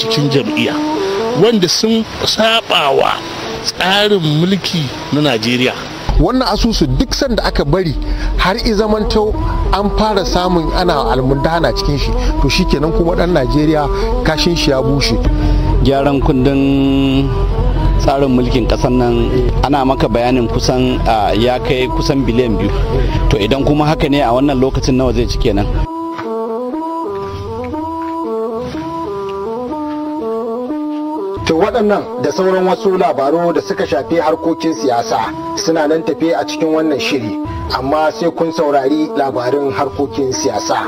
cikin jam'iyya wanda sun sabawa tsarin mulki na najeriya wannan asusu duk sanda aka bari har izamanto an fara samun ana almundana cikin shi to shikenan kuma dan najeriya kashin shi ya bushe gyaran kundin tsarin mulkin kasan nan ana maka bayanin kusan ah, ya kai kusan biliyan biyu to idan kuma haka ne a wannan lokacin nawa zai ci kenan To waɗannan da sauran wasu labaru da suka shafi harkokin siyasa suna nan tafe a cikin wannan shiri, amma sai kun saurari labarin harkokin siyasa.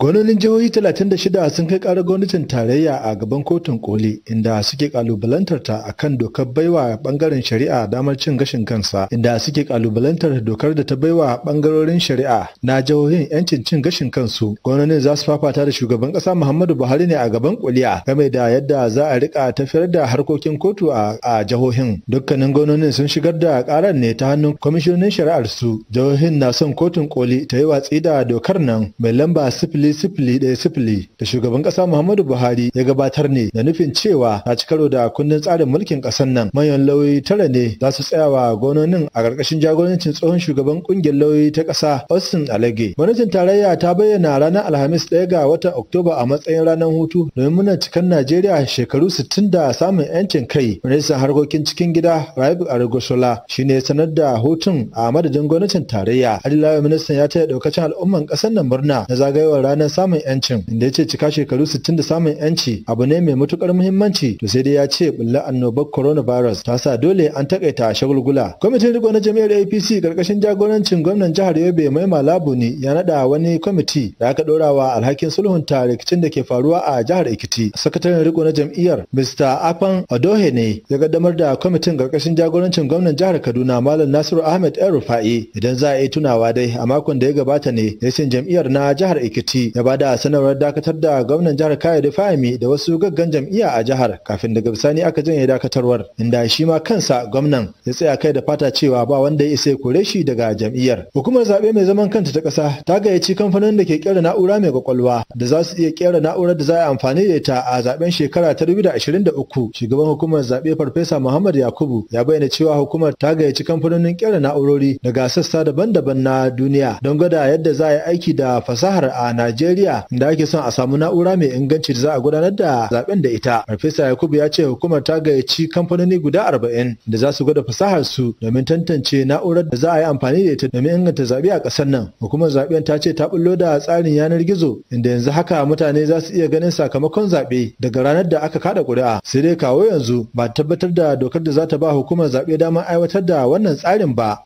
Gwamnonin jihohi 36 sun kai ƙarar gwamnatin tarayya a gaban kotun koli inda suke kalubalantar ta akan dokar baiwa bangaren shari'a damar cin gashin kansa inda suke kalubalantar dokar da ta baiwa bangarorin shari'a na jihohin yancin cin gashin kansu. Gwamnonin za su fafata da shugaban ƙasa Muhammadu Buhari ne a gaban koliya, game da yadda za a rika tafiyar da harkokin kotu a jihohin. Dukkanin gwamnonin sun shigar da ƙarar ne ta hannun kwamishinin shari'ar su. Jihohin na son kotun koli ta yi watsi da dokar nan mai lamba sifili sifili ɗaya sifili da shugaban ƙasa Muhammadu Buhari ya gabatar ne da nufin cewa ta ci karo da kundin tsarin mulkin ƙasar nan manyan lauyoyi tara ne za su tsayawa gononin a ƙarƙashin jagorancin tsohon shugaban ƙungiyar lauyoyi ta ƙasa Austin Alage. Gwamnatin tarayya ta bayyana ranar Alhamis ɗaya ga watan Oktoba a matsayin ranar hutu domin muna cikan Najeriya shekaru sittin da samun 'yancin kai. Ministan harkokin cikin gida Rabi Arugoshola shi ne sanar da hutun a madadin gwamnatin tarayya. Adilawa ministan ya taya ɗaukacin al'umman ƙasar nan murna na zagayowar ranar ranar samun yancin inda ya ce cika shekaru 60 da samun yanci abu ne mai matukar muhimmanci to sai dai ya ce bulla annobar coronavirus ta sa dole an takaita a shagulgula kwamitin riko na jami'ar apc karkashin jagorancin gwamnan jihar yobe mai malabu ne ya nada wani kwamiti da aka dora wa alhakin ta rikicin da ke faruwa a jihar ekiti sakataren riko na jam'iyyar mr afan odohe ne ya kaddamar da kwamitin karkashin jagorancin gwamnan jihar kaduna malam nasiru ahmed el rufai idan za a yi tunawa dai a makon da ya gabata ne ya jam'iyyar na jihar ekiti ya bada sanarwar dakatar da gwamnan jihar Kayode Fahimi da wasu gaggan jam'iyya a jihar kafin daga bisani aka janye dakatarwar inda shi ma kansa gwamnan ya tsaya kai da fata cewa ba wanda ya isa kore shi daga jam'iyyar. Hukumar Zabe mai zaman kanta ta ƙasa ta gayyaci kamfanin da ke kera na'ura mai kwakwalwa da za su iya kera na'urar da za a amfani da ita a zaben shekara ta 2023. Shugaban hukumar Zabe Farfesa Muhammad Yakubu ya bayyana cewa hukumar ta gayyaci kamfanonin kera na'urori daga sassa daban-daban na duniya don gwada yadda za a yi aiki da fasahar a Najeriya. Najeriya da ake son a samu na'ura mai inganci da za a gudanar da zaben da ita. Farfesa Yakubu ya ce hukumar ta gayyaci kamfanoni guda arba'in da za su gwada fasahar su domin tantance na'urar da za a yi amfani da ita domin inganta zaɓe a ƙasar nan. Hukumar zaben ta ce ta bullo da tsarin yanar gizo inda yanzu haka mutane za su iya ganin sakamakon zaɓe daga ranar da aka kada ƙuri'a. Sai dai kawo yanzu ba tabbatar da dokar da za ta ba hukumar zaɓe damar aiwatar da wannan tsarin ba.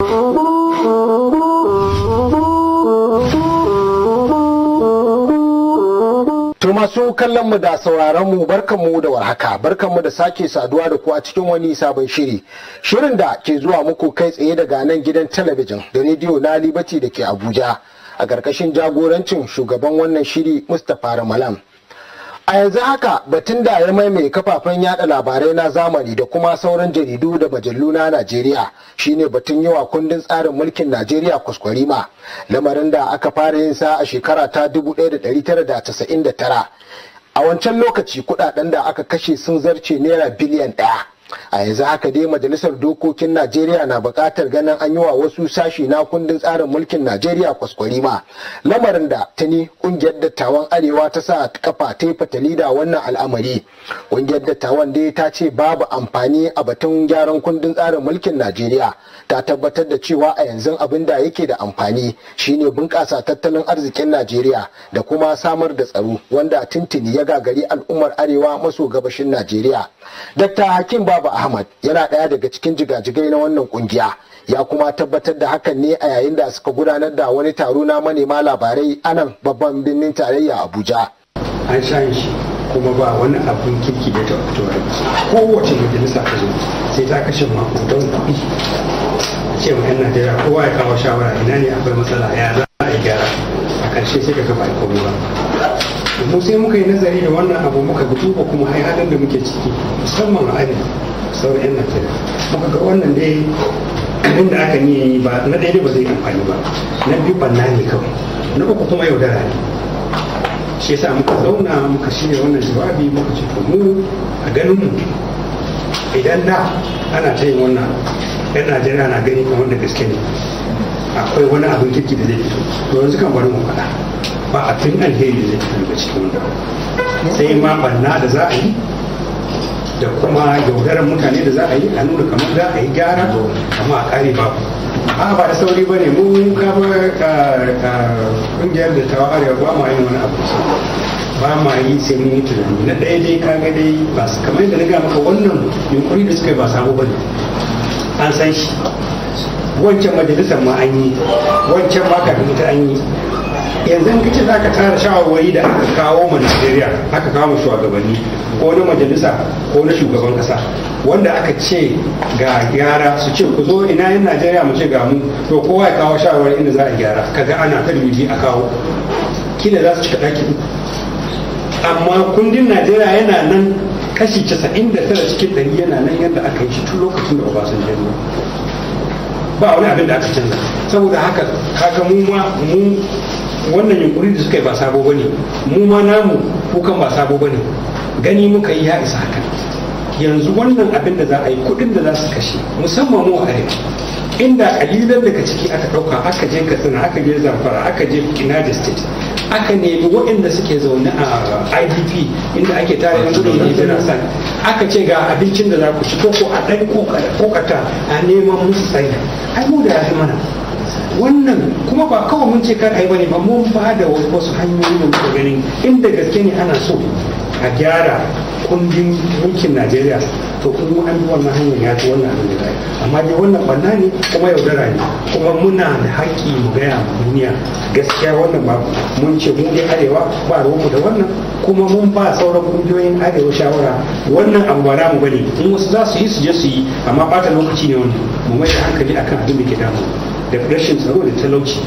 To masu kallon mu da sauraron mu barkan mu da warhaka barkan mu da sake saduwa da ku a cikin wani sabon shiri shirin da ke zuwa muku kai tsaye daga nan gidan talabijin da rediyo na Liberty da ke Abuja a ƙarƙashin jagorancin shugaban wannan shiri Mustapha Ramalan. a yanzu haka batun da ya mai kafafen yada labarai na zamani da kuma sauran jaridu da majallu na najeriya shine batun yawa kundin tsarin mulkin najeriya kuskurima lamarin da aka fara yin sa a shekara ta 1999 a wancan lokaci kudaden da aka kashe sun zarce naira biliyan daya a yanzu haka dai majalisar dokokin najeriya na bukatar ganin an yi wa wasu sashi na kundin tsarin mulkin najeriya kwaskwarima lamarin da tuni ƙungiyar dattawan arewa ta sa kafa ta yi fatali da wannan al'amari ƙungiyar dattawan dai ta ce babu amfani a batun gyaran kundin tsarin mulkin najeriya ta tabbatar da cewa a yanzu abin da yake da amfani shine bunƙasa tattalin arzikin najeriya da kuma samar da tsaro wanda tuntuni ya gagari al'ummar arewa maso gabashin najeriya dr hakim ba babu ahmad yana ɗaya daga cikin jigajigai na wannan kungiya ya kuma tabbatar da hakan ne a yayin da suka gudanar da wani taro na manema labarai anan babban birnin tarayya abuja an shan shi kuma ba wani abin kirki da ta fito kowace majalisa ta zo sai ta kashe don kuɗi ce ma yan najeriya kowa ya kawo shawara ina ne akwai matsala ya za a yi gyara a ƙarshe sai ka gaba komai ba mu sai muka yi nazari da wannan abu muka gudu duba kuma hai halin da muke ciki musamman a arewa sauran yan najeriya muka ga wannan dai abin da aka niyan yi ba na ɗaya ba zai amfani ba na biyu banna ne kawai na uku kuma yaudara ne shi yasa muka zauna muka shirya wannan jawabi muka ce to mu a ganin mu idan da ana ta yin wannan yan najeriya na gani kamar da gaske ne akwai wani abin kirki da zai fito to yanzu kan bari mu faɗa ba a abin alheri zai fito daga cikin wanda sai ma banna da za a yi da kuma yaudarar mutane da za a yi a nuna kamar za a yi gyara amma a kare babu a ba da sauri ba ne mu ka kungiyar da ta arewa ba ma yin wani abu ba ma yi sai mun yi tunani na ɗaya dai ga dai ba su kamar yadda na ga maka wannan yunkuri da suka yi ba samu ba ne an san shi wancan majalisar ma an yi wancan ma kafin ta an yi yanzu in kace za ka tara shawarwari da aka kawo ma nigeria aka kawo ma shugabanni ko na majalisa ko na shugaban kasa wanda aka ce ga gyara su ce ku zo ina yin Najeriya mu ce ga mu to kowa ya kawo shawarwari inda za a gyara kaga ana ta dubi a kawo kila za su cika daki amma kundin Najeriya yana nan kashi 99 cikin dari yana nan yadda aka yi shi tun lokacin da Obasanjo ba wani abin da aka canza saboda haka kaga mu ma mu wannan yunkuri da suka yi ba sabo ba ne mu ma namu kukan ba sabo ba ne gani muka yi ya isa haka yanzu wannan abin da za a yi kuɗin da za su kashe musamman mu a arewa inda kalilan daga ciki aka ɗauka aka je katsina aka je zamfara aka je kinaji state aka nemi waɗanda suke zaune a idp inda ake tare yanzu da hijira san aka ce ga abincin da za ku ci ko a ɗan kokata a neman musu tsayi ai mu da ya fi mana wannan kuma ba kawai mun ce kar a yi bane ba mun ba da wasu hanyoyi da muka ganin inda gaske ne ana so a gyara kundin mulkin najeriya to kuma an bi wannan hanyar ya ci wannan abin da amma dai wannan banna ne kuma yaudara ne kuma muna da haƙƙi mu gaya duniya gaskiya wannan ba mun ce mun dai arewa ba ruwanmu da wannan kuma mun ba sauran kungiyoyin arewa shawara wannan abu ba mu bane in wasu za su yi su je su yi amma ɓata lokaci ne wannan mu mai da hankali akan abin da ke damu da rashin da talauci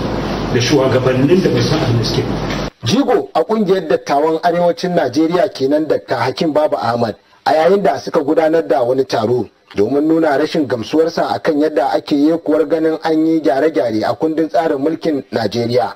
da shugabannin da ba san abin da jigo a kungiyar dattawan arewacin najeriya kenan da hakim babu ahmad a yayin da suka gudanar da wani taro domin nuna rashin gamsuwarsa akan yadda ake yekuwar ganin an yi gyare-gyare a kundin tsarin mulkin najeriya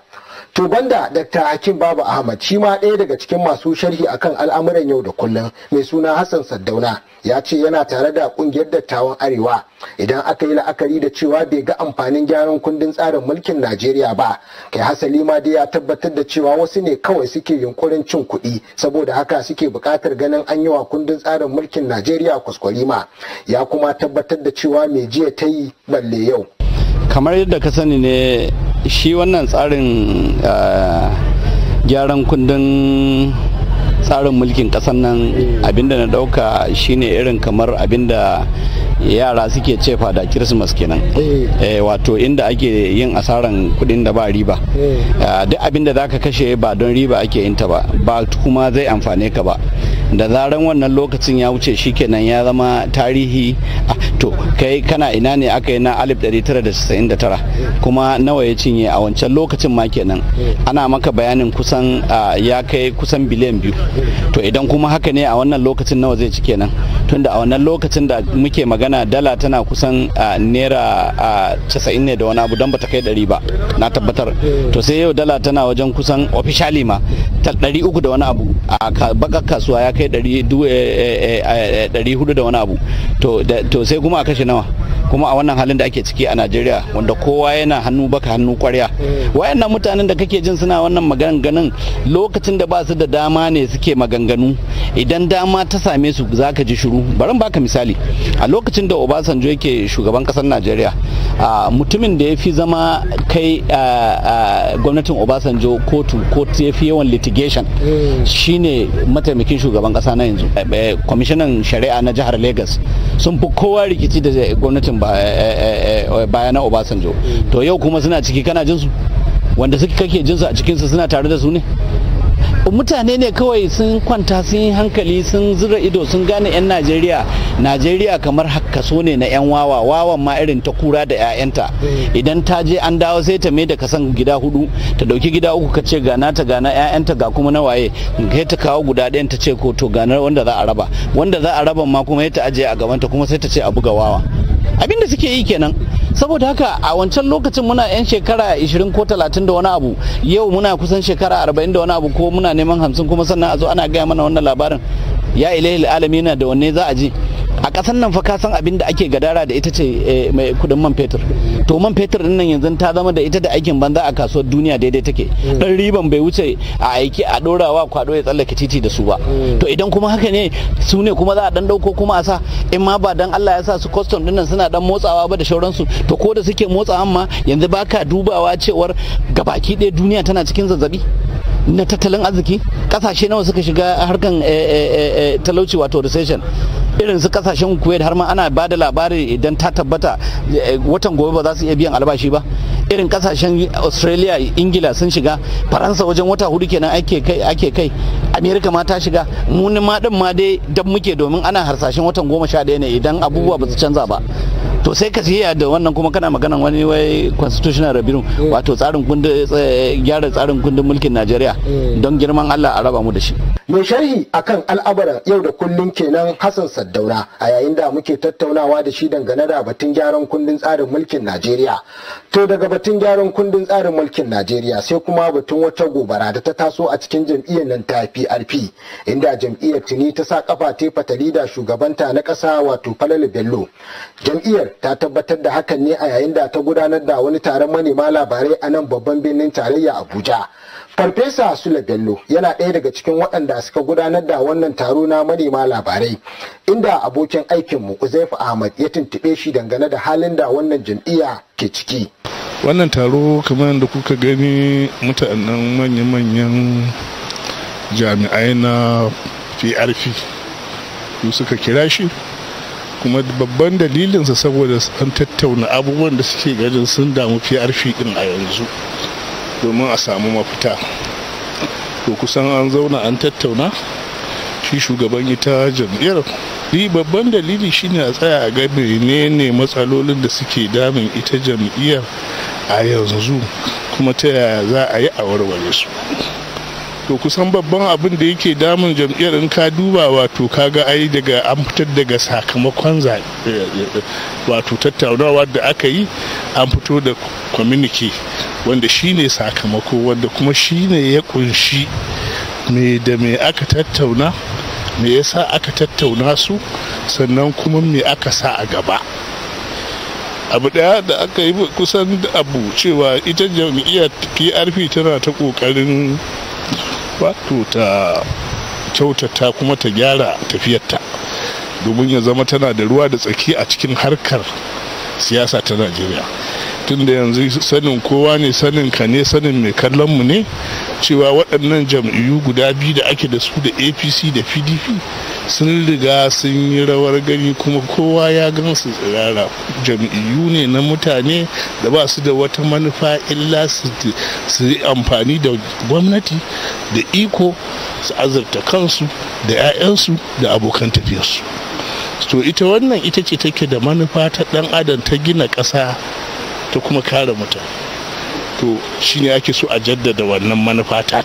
to banda dr hakim babu ahmad shi ma ɗaya daga cikin masu sharhi akan al'amuran yau da kullum mai suna hassan saddauna ya ce yana tare da kungiyar dattawan arewa idan aka yi la'akari da cewa bai ga amfanin gyaran kundin tsarin mulkin najeriya ba kai hasali ma dai ya tabbatar da cewa wasu ne kawai suke yunkurin cin kuɗi saboda haka suke buƙatar ganin an yi wa kundin tsarin mulkin najeriya ma ya kuma tabbatar da cewa mai jiya ta yi balle yau kamar yadda ka sani ne shi wannan tsarin ah, gyaran kundin tsarin mulkin kasan nan abinda na dauka shine irin kamar abinda yara suke ce fada kirismas kenan eh. Eh, wato inda ake yin asaran kudin da ba riba eh. ah, duk abinda ka kashe ba don riba ake yinta ta ba ba kuma zai amfane ka ba da zaran wannan lokacin ya wuce shi shikenan ya zama tarihi ah, to kai kana ina ne aka yi na 1999 kuma nawa ya cinye a wancan lokacin ma kenan ana maka bayanin kusan ah, ya kai kusan biliyan biyu to idan kuma haka ne a wannan lokacin nawa zai ci kenan tunda a wannan lokacin da muke magana dala tana kusan ah, naira 90 ne da wani abu don bata kai 100 ba na tabbatar to sai yau dala tana wajen kusan ofishali ma ɗari uku da wani abu a bakar kasuwa ya kai ɗari hudu eh, eh, eh, da wani abu to sai kuma a kashe nawa kuma a wannan halin da ake ciki a najeriya wanda kowa yana hannu baka hannu kwarya eh. wayannan mutanen da kake jin suna wannan maganganun lokacin da ba su da dama ne suke maganganu idan dama ta same su za ka ji shiru barin baka misali a lokacin da obasanjo yake shugaban kasar najeriya mutumin da ya fi zama kai gwamnatin obasanjo kotu kotu ya fi yawan litigation eh. shine mataimakin shugaban kasa na yanzu eh, kwamishinan shari'a na jihar Legas. sun fi kowa rikici da gwamnatin eh, eh, eh, baya na obasanjo mm. to yau kuma suna ciki kana jinsu wanda suka kake jinsu a cikinsu suna tare da su ne mutane ne kawai sun kwanta sun yi hankali sun zura ido sun gane 'yan najeriya najeriya kamar kaso ne na 'yan wawa wawan ma irin ta kura da 'ya'yanta eh. idan ta je an dawo sai ta mai da kasan gida hudu ta dauki gida uku ka ce gana ta gana 'ya'yanta ga kuma na waye kai ta kawo guda ɗayan ta ce ko to ganar wanda za a raba wanda za a raba ma kuma ya ta ajiye a gaban ta kuma sai ta ce a buga wawa abinda suke yi kenan saboda haka a wancan lokacin muna 'yan shekara 20 ko 30 da wani abu yau muna kusan shekara 40 da wani abu ko muna neman 50 kuma sannan a zo ana gaya mana wannan labarin ya ilahi alamina da wanne za a ji a ƙasar nan fa ka san abin da ake gadara da ita ce eh, mai kudin man fetur to man fetur din nan yanzu ta zama da ita da aikin banza a kasuwar duniya daidai take dan riban bai wuce a aiki a dorawa kwado ya tsallake titi da su ba to idan kuma haka ne su ne kuma za a dan dauko kuma a sa in ma ba dan Allah ya sa su custom din nan suna dan motsawa ba da shauransu to ko da suke motsawa amma yanzu baka dubawa cewar gabaki ɗaya duniya tana cikin zazzabi na tattalin arziki kasashe nawa suka shiga harkan eh, eh, eh, talauci wato recession irin su kasashen kuwait har ma ana ba da labari idan ta tabbata watan gobe ba za su iya biyan albashi ba irin kasashen australia ingila sun shiga faransa wajen wata hudu kenan ake kai ake kai america ma ta shiga muni ma din ma dai dan muke domin ana harsashen watan goma sha ɗaya ne idan abubuwa ba su canza ba to sai ka siya da wannan kuma kana magana wani wai constitutional rabiru eh. wato tsarin kundin eh, gyara tsarin kundin mulkin Najeriya eh. don girman Allah a raba mu da shi mai sharhi akan al'amuran yau da kullum kenan hassan saddauna a yayin da muke tattaunawa da shi dangane da batun gyaran kundin tsarin mulkin najeriya to daga batun gyaran kundin tsarin mulkin najeriya sai kuma batun wata gobara da ta taso a cikin jam'iyyar nan ta prp inda jam'iyyar tuni ta sa kafa ta fatali da shugabanta na ƙasa wato falalu bello jam'iyyar ta tabbatar da hakan ne a yayin da ta gudanar da wani taron manema labarai a nan babban birnin tarayya abuja Farfesa Sule Bello yana ɗaya daga cikin waɗanda suka gudanar da wannan taro na manema labarai inda abokin aikinmu Uzaifu Ahmad ya tuntuɓe shi dangane da halin da wannan jam'iyya ke ciki. Wannan taro kamar da kuka gani mutanen manya-manyan jami'ai na PRP su suka kira shi kuma babban dalilinsa saboda an tattauna abubuwan da suke ganin sun damu PRP din a yanzu. domin a samu mafita to kusan an zauna an tattauna shi shugaban ita jam'iyyar ri babban dalili shine a tsaya a ga menene matsalolin da suke damun ita jam'iyyar a yanzu kuma ta yaya za a yi a warware su to kusan babban abin da yake damun jam'iyyar in ka duba wato kaga ai daga an fitar daga sakamakon wato tattaunawa da aka yi an fito da kwaminike. wanda shine sakamako wanda kuma shine ya kunshi me da me aka tattauna me yasa aka tattauna su sannan kuma me aka sa a gaba abu daya da aka yi kusan abu cewa ita jam'iyyar prp tana ta kokarin ba to ta kyautata kuma ta gyara tafiyarta domin ya zama tana da ruwa da tsaki a cikin harkar siyasa ta najeriya da yanzu sanin kowa ne sanin ka ne sanin mai kallon mu ne cewa waɗannan jam'iyyu guda biyu da ake da su da apc da pdp sun riga sun yi rawar gani kuma kowa ya gan tsirara jam'iyyu ne na mutane da ba su da wata manufa illa su yi amfani da gwamnati da iko su azurta kansu da 'ya'yansu da abokan tafiyarsu to ita wannan ita ce take da manufa ta ɗan adam ta gina ƙasa ta kuma kare mutum to ne ake so a jaddada wannan manufa ta.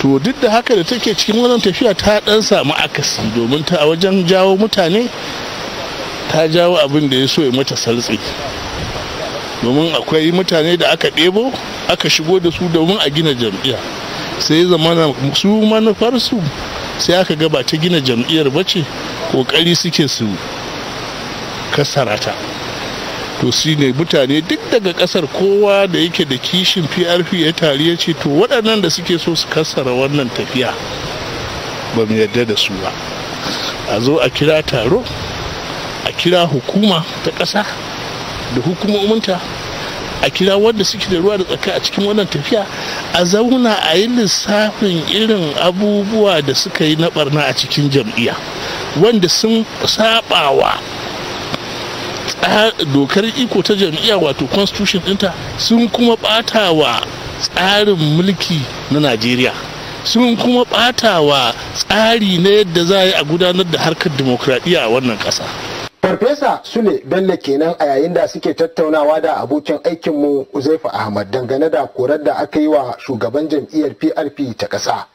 to duk da haka da take cikin wannan tafiya ta dan samu akasi domin ta a wajen jawo mutane ta jawo abin da ya so ya mata saltsi domin akwai mutane da aka ɗebo aka shigo da su domin a gina jam'iyya sai zama su manufarsu sai aka gaba ta gina jam'iyyar bace kokari suke su kasarata to shi ne mutane duk daga kasar kowa da yake da kishin prp ya taru ya ce to waɗannan da suke so su kasara wannan tafiya ba mu yarda da su ba a zo a kira taro a kira hukuma ta ƙasa da hukumominta a kira wanda suke da ruwa da tsaka a cikin wannan tafiya a zauna a yi lissafin irin abubuwa da suka yi na barna a cikin jam'iyya wanda sun saɓawa dokar iko ta jam'iyya wato constitution dinta, sun kuma ɓata wa tsarin mulki na najeriya sun kuma ɓata wa tsari na yadda za a gudanar da harkar dimokuraɗiyya a wannan ƙasa farfesa sule bello kenan a yayin da suke tattaunawa da abokin aikinmu uzaifa ahmad dangane da korar da aka yi wa shugaban jam'iyyar prp ta ƙasa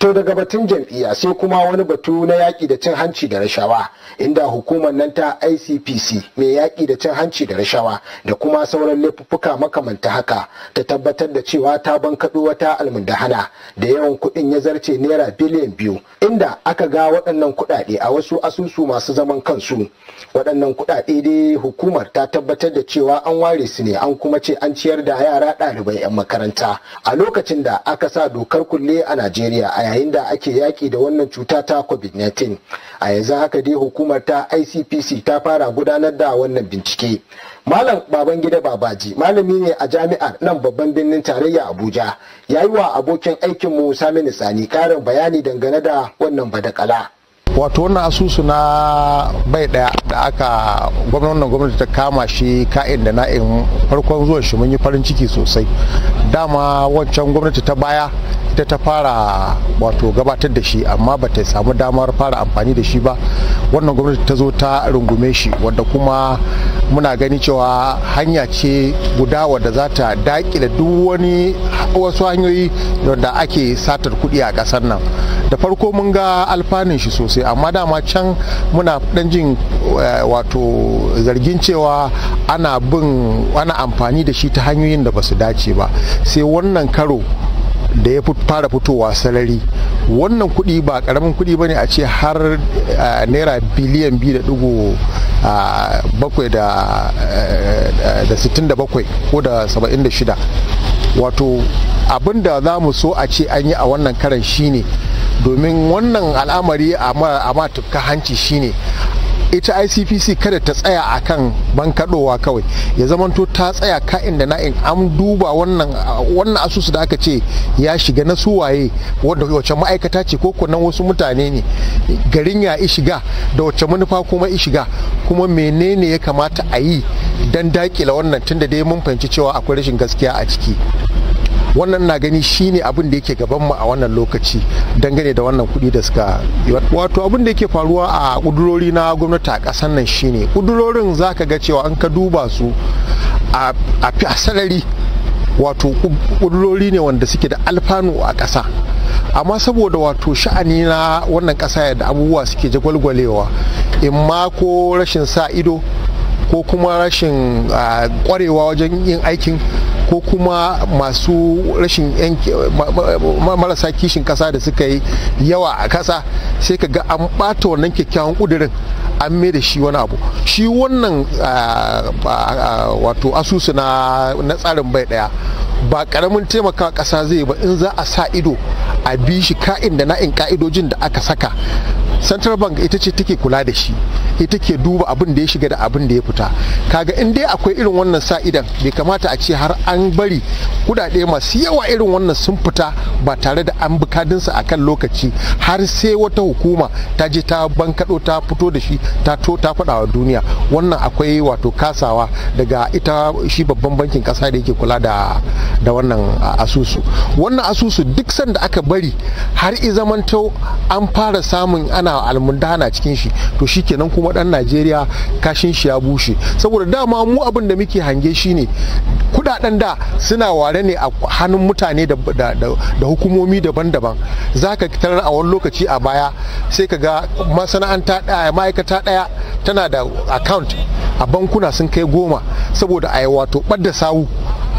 to daga batun jam'iyya sai kuma wani batu na yaƙi da cin hanci da rashawa inda hukumar nan ta icpc mai yaƙi da cin hanci da rashawa da kuma sauran laifuffuka makamanta haka ta tabbatar da cewa ta bankaɗo wata almundahana da yawan kuɗin ya zarce naira biliyan biyu inda aka ga waɗannan kuɗaɗe a wasu asusu masu zaman kansu waɗannan kuɗaɗe dai hukumar ta tabbatar da cewa an ware su ne an kuma ce an ciyar da yara ɗalibai 'yan makaranta a lokacin da aka sa dokar kulle a najeriya a yayin da ake yaƙi da wannan cuta ta covid-19 a yanzu haka dai hukumar ta icpc ta fara gudanar da wannan bincike malam baban gida babaji malami ne a jami'ar nan babban birnin tarayya abuja ya yi wa abokin aikin aikinmu sami nisani karin bayani dangane da wannan badakala. wato wannan asusu na bai daya da aka gwamnan gwamnati ta kama shi ka'in da na'in farkon zuwan shi mun yi farin ciki sosai dama wancan gwamnati ta baya ita ta fara wato gabatar da shi amma ba ta samu damar fara amfani da shi ba wannan gwamnati ta zo ta rungume shi wanda kuma muna gani cewa hanya ce guda wadda za ta daƙi da duk wani wasu hanyoyi da ake satar kuɗi a ƙasar nan da farko mun ga alfanun shi sosai amma dama can muna ɗan jin eh, wato zargin cewa ana bin ana amfani da shi ta hanyoyin da ba su dace ba sai wannan karo da ya fara fitowa sarari wannan kuɗi ba karamin kuɗi ba ne a ce har naira biliyan biyu eh, da sittin da bakwai ko da saba'in da shida wato abinda da za mu so a ce an yi a wannan karan shine domin wannan al'amari a ma tufka hanci shine ita icpc kada ta tsaya a kan bankaɗowa kawai ya zamanto ta tsaya ka'in da na'in an duba wannan asusu da aka ce ya shiga na suwaye wacce ma'aikata ce ko nan wasu mutane ne garin ya shiga da wacce manufa kuma shiga kuma menene ya kamata a yi don dakila wannan tunda dai mun fahimci cewa akwai rashin gaskiya a ciki wannan na gani shine abin da yake gaban mu a wannan lokaci dangane da wannan kuɗi da suka wato abin da yake faruwa a kudurori na gwamnati a kasar nan shine kudurorin zaka ga cewa an ka duba su a sarari wato kudurori ne wanda suke da alfanu a ƙasa amma saboda wato sha'ani na wannan ƙasa yadda abubuwa suke jagwalgwalewa in ma ko rashin sa ido ko kuma rashin kwarewa ah, wajen yin aikin ko kuma masu rashin marasa kishin kasa da suka yi yawa a kasa sai ka ga an bata wannan kyakkyawan ƙudurin an mai da shi wani abu shi wannan wato asusu na tsarin bai daya ba karamin taimaka ƙasa zai ba in za a sa ido a bi shi ka'in da na'in ka'idojin da aka saka central bank ita ce take kula da shi ita ke duba abin da ya shiga da abin da ya fita kaga in dai akwai irin wannan sa idan bai kamata a ce har an bari kudade masu yawa irin wannan sun fita ba tare da an bukadinsa a kan lokaci har sai wata hukuma ta je ta bankaɗo ta fito da shi ta to ta fada wa duniya wannan akwai wato kasawa daga ita shi babban bankin kasa da yake kula da da wannan asusu wannan asusu duk sanda aka bari har i zamanto an fara samun ana ana almundana cikin shi to shi shikenan kuma dan najeriya kashin shi ya bushe saboda dama mu abin da muke hange shine kudaden da suna ware ne a hannun mutane da hukumomi daban-daban za ka tarar a wani lokaci a baya sai ka ga masana'anta daya ma'aikata daya tana da account a bankuna sun kai goma saboda a yi wato ɓadda sawu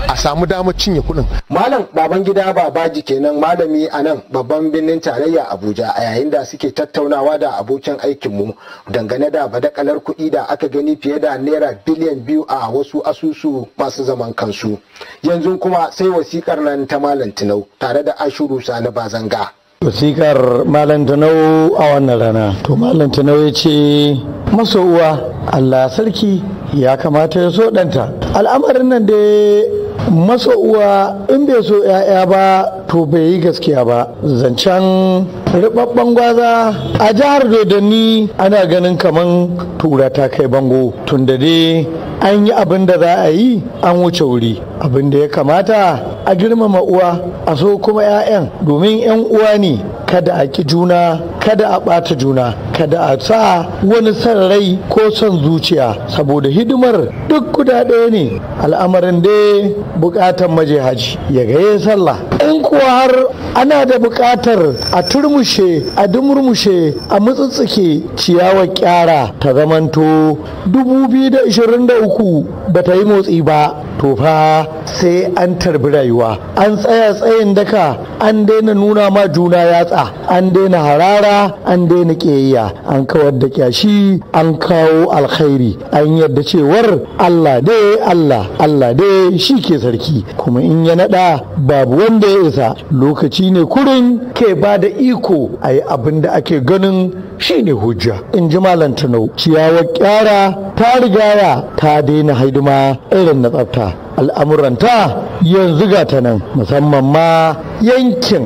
a samu damar cinye kuɗin. Malam Babangida Babaji kenan malami a nan babban birnin tarayya Abuja a yayin da suke tattaunawa da abokin aikinmu dangane da badakalar kuɗi da aka gani fiye da naira biliyan biyu a wasu asusu masu zaman kansu. Yanzu kuma sai wasikar nan ta Malam Tinau tare da Ashuru Sani Bazanga. wasikar malam Tinau a wannan rana to malam Tinau ya ce maso uwa allah sarki ya kamata ya so ɗanta al'amarin nan dai maso uwa in bai so 'ya'ya ba to bai yi gaskiya ba zancen ribabban gwaza a jihar dodonni ana ganin kaman tura ta kai bango tun dai an yi abin da za a yi an wuce wuri abin da ya kamata a girmama uwa a so kuma 'ya'yan domin 'yan uwa ne kada a ƙi juna kada a ɓata juna kada a sa wani san rai ko son zuciya saboda hidimar duk guda ɗaya ne al'amarin dai buƙatar maje haji ya yin sallah in kuwa har ana da bukatar a turmushe a dumurmushe a mutsitsike ciyawar ƙyara ta zamanto 2023 ba ta yi motsi ba to fa sai an tarbi rayuwa an tsaya tsayin daka an daina nuna ma juna yatsa an daina harara an daina ƙiyayya an kawar da kyashi an kawo alkhairi an yadda cewar Allah dai Allah Allah dai shi ke sarki kuma in ya nada babu wanda ya isa lokaci ne kurin ke ba da iko ayi yi abin da ake ganin shi ne hujja in ji malam tanau ciyawar kyara ta rigaya ta daina haiduma irin na tsafta al'amuranta yanzu ga ta nan musamman ma yankin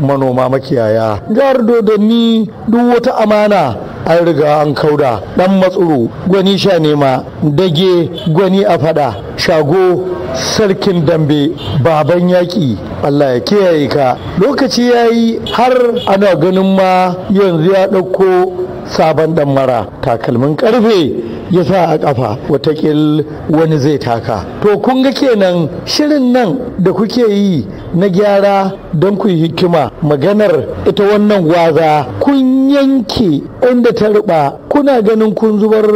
manoma makiyaya jihar dodanni duk wata amana an riga an kauda dan matsuru gwani sha nema dage gwani a fada shago sarkin dambe baban yaƙi allah ya kiyaye ka lokaci ya yi har ana ganin ma yanzu ya ɗauko sabon ɗan mara takalmin ƙarfe ya sa a ƙafa watakil wani zai taka to kun ga kenan shirin nan da kuke yi na gyara don ku yi hikima maganar ita wannan gwaza kun yanke inda ta ruba kuna ganin kun zubar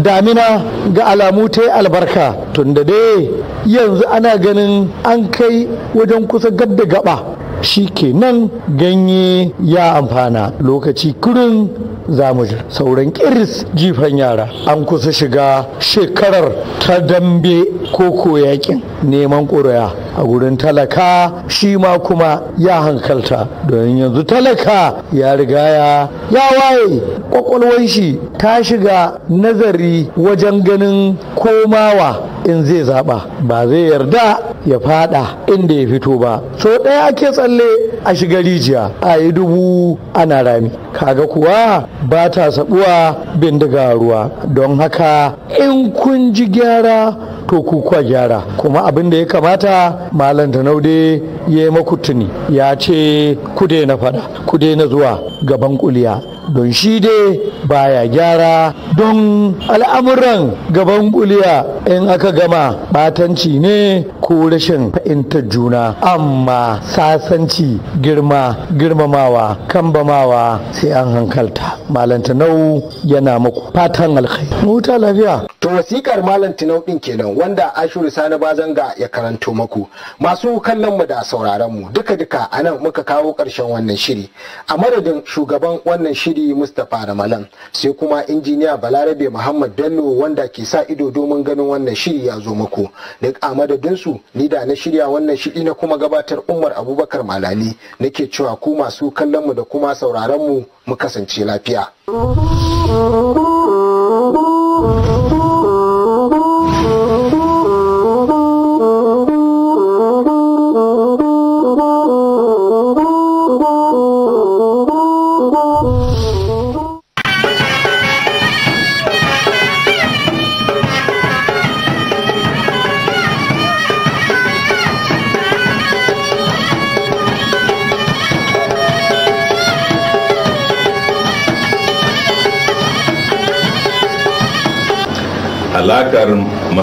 damina ga alamu ta albarka tunda dai yanzu ana ganin an kai wajen kusa gab da gaba shi kenan ganye ya amfana lokaci kurin za mu ji sauran kiris jifan yara an kusa shiga shekarar ta dambe ko yakin neman ƙuri'a a gurin talaka shi ma kuma ya hankalta don yanzu talaka ya riga ya ya waye kwakwalwar shi ta shiga nazari wajen ganin komawa in zai zaɓa. ba zai yarda ya fada inda ya fito ba so ɗaya ake tsalle a shiga rijiya a yi dubu ana rami kaga kuwa ba ta sabuwa bindiga ruwa don haka in kun ji gyara to ku kwa gyara kuma abin da ya kamata malam naude ya yi maku tuni ya ce ku na faɗa ku na zuwa gaban kuliya don shi dai baya gyara don al'amuran gaban kuliya in aka gama batanci ne ko rashin fahimtar juna amma sasanci girma girmamawa kambamawa sai an hankalta malam tanau yana maku fatan alkhairi mu lafiya to wasikar malam din kenan wanda Ashiru Sani Bazanga ya karanto maku. Masu kallon mu da sauraron mu duka duka anan muka kawo karshen wannan shiri. A madadin shugaban wannan shiri Mustapha Ramalan sai kuma injiniya Balarabe Muhammad Bello wanda ke sa ido domin ganin wannan shiri ya zo muku. Duk a madadin su ni da na shirya wannan shiri na kuma gabatar Umar Abubakar Malali nake cewa ku masu kallon mu da kuma sauraron mu mu kasance lafiya.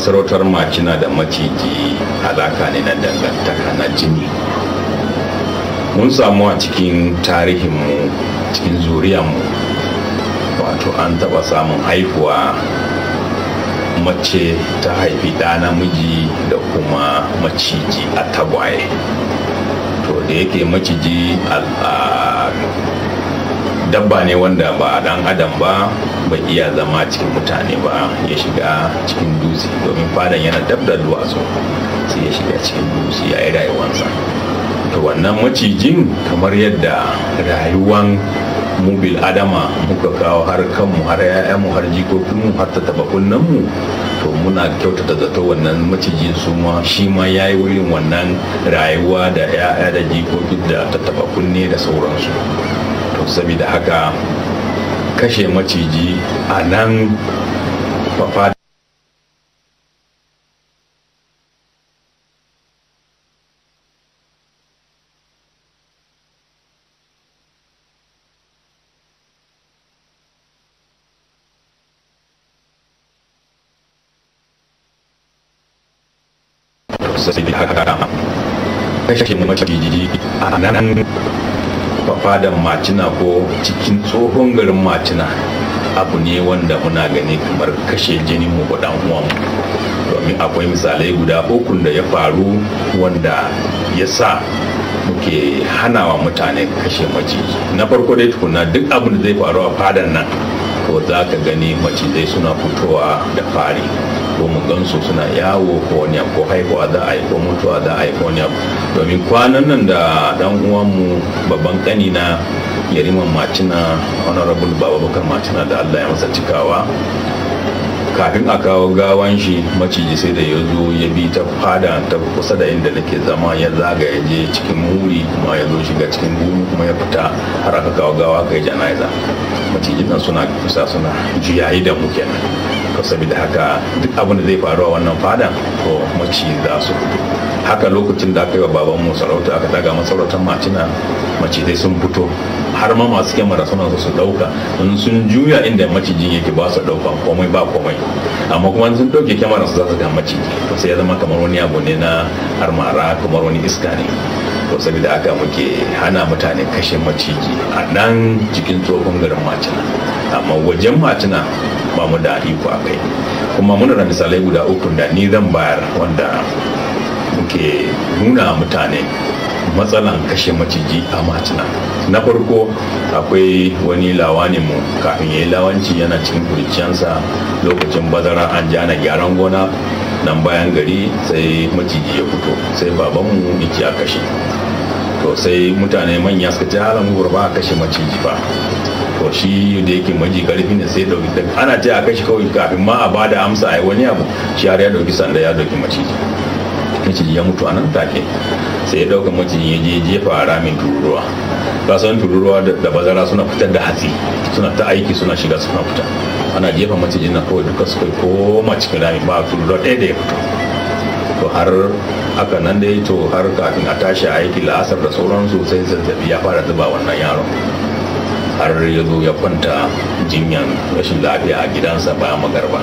masarautar macina da maciji alaka ne na dangantaka na jini mun samu a cikin tarihinmu cikin zuriyanmu wato an taɓa samun haihuwa mace ta haifi ɗa namiji da kuma maciji a tagwaye to da yake maciji dabba ne wanda ba dan adam ba bai iya zama cikin mutane ba ya shiga cikin dutse domin fadan yana dab da duwatsu sai ya shiga cikin dutse ya yi rayuwansa to wannan macijin kamar yadda rayuwan mubil adama muka kawo har kanmu har mu har jikokinmu har ta taba mu to muna kyautata zato wannan macijin su ma shi ma ya yi wurin wannan rayuwa da ya'ya da jikokin da ta taba kunne da sauransu to saboda haka kashe maciji a nan mafada sai haka kashe maciji a nan fadan macina ko cikin tsohon garin macina abu ne wanda muna gani kamar kashe jini mu dan uwan domin akwai misalai guda uku da ya faru wanda ya sa muke hanawa mutane kashe maciji na farko dai tukuna duk abin da zai faru a fadan nan ko za ka gani macizai suna fitowa da fari ko mu su suna yawo ko wani abu ko haihuwa za a yi ko mutuwa za a yi ko wani abu domin kwanan nan da dan uwanmu babban kanina yariman macina honorable baba bakar macina da allah ya masa cikawa kafin a kawo gawan shi maciji sai da ya zo ya bi ta fada ta kusa da inda nake zama ya zaga ya je cikin muri kuma ya zo shiga cikin duni kuma ya fita har aka kawo gawa kai janaiza maciji nan suna kusa suna juyayi da mu kenan to saboda haka duk abin da zai faru a wannan fadan to maci za su haka lokacin da aka yi wa baban mu sarauta aka daga masarautar macina dai sun fito har ma masu kyamara suna su dauka in sun juya inda macijin yake ba su dauka komai ba komai amma kuma sun dauke kyamara su za su ga maciji to sai ya zama kamar wani abu ne na armara kamar wani iska ne to saboda aka muke hana mutane kashe maciji a nan cikin tsohon garin macina amma wajen macina ba mu da iko a kai kuma muna da misalai guda uku da ni zan bayar wanda muke nuna mutane matsalan kashe maciji a macina na farko akwai wani lawani mu kafin ya yi lawanci yana cikin kuriciyansa lokacin bazara an ja na gyaran gona nan bayan gari sai maciji ya fito sai babanmu yake a kashe to sai mutane manya suka ji halin gurba a kashe maciji ba to shi da yake maji karfi ne sai dauki ana ta a kashi kawai kafin ma a bada amsa a yi wani abu shi har ya dauki sanda ya dauki maciji maciji ya mutu a take sai ya dauka maciji ya je jefa a ramin tururuwa kasan tururuwa da bazara suna fitar da hatsi suna ta aiki suna shiga suna fita ana jefa macijin na kawai duka suka koma cikin ramin ba tururuwa ɗaya da ya fito to har aka nan dai to har kafin a tashi aiki la'asar da sauransu sai zazzabi ya fara zuba wannan yaron har ya zo ya kwanta jinyan rashin lafiya a gidansa bayan magarba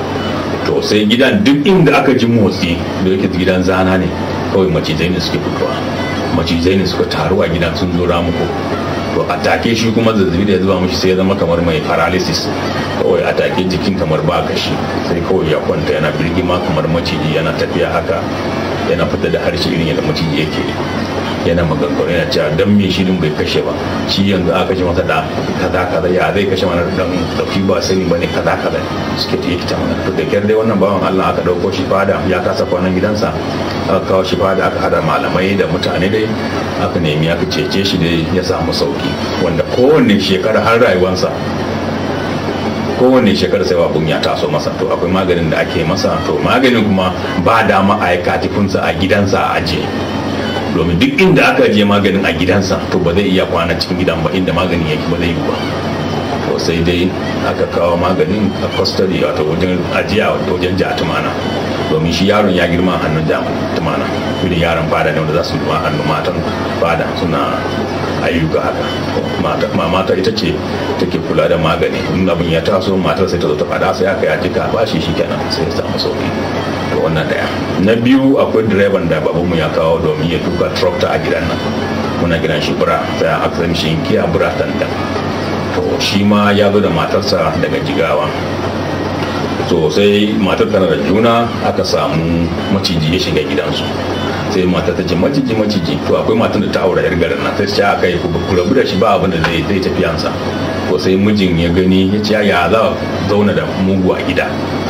to sai gidan duk inda aka ji motsi da yake gidan zana ne kawai macizai ne suke fitowa macizai ne suka taru a gidan sun zo ramuko to a take shi kuma zazzabi da ya zuba mishi sai ya zama kamar mai paralysis kawai a take jikin kamar ba kashi sai kawai ya kwanta yana birgima kamar maciji yana tafiya haka yana fita da harshe irin yadda maciji yake yana maganganu yana cewa dan me shi din bai kashe ba shi yanzu aka kashe masa da kaza kaza ya zai kashe mana dan dauki ba sani bane kaza kaza suke ta yi ta mana to da kyar dai wannan bawan Allah aka dauko shi fada ya kasa kwanan gidansa aka kawo shi fada aka hada malamai da mutane dai aka nemi aka cece shi dai ya samu sauki wanda kowanne shekara har rayuwarsa kowane shekara sai abun ya taso masa to akwai maganin da ake masa to maganin kuma ba dama a yi katifinsa a gidansa a ajiye domin duk inda aka je maganin a gidansa to ba zai iya kwana cikin gidan ba inda maganin yake ba zai yi ba to sai dai aka kawo maganin a custody wato wajen ajiya wajen ja tumana domin shi yaron ya girma a hannun tumana irin yaron fada ne wanda za su yi hannun matan fada suna ayyuka haka mata ita ce take kula da magani in abin ya taso matar sai ta zo ta fada sai aka yaji ka bashi shi kenan sai ya samu sauki to wannan daya na biyu akwai direban da babu mu ya kawo domin ya tuka tractor a gidan nan muna gidan shi bura sai aka san shi kiya bura tantan to shi ma ya zo da matarsa daga jigawa sosai matar tana da juna aka samu maciji ya shiga gidansu sai mata ta ce maciji maciji to akwai matan da ta aura yar garin nan sai ce aka yi ku da shi ba abin da zai zai tafi ko ko sai mijin ya gani ya ce ya za zauna da mugu a gida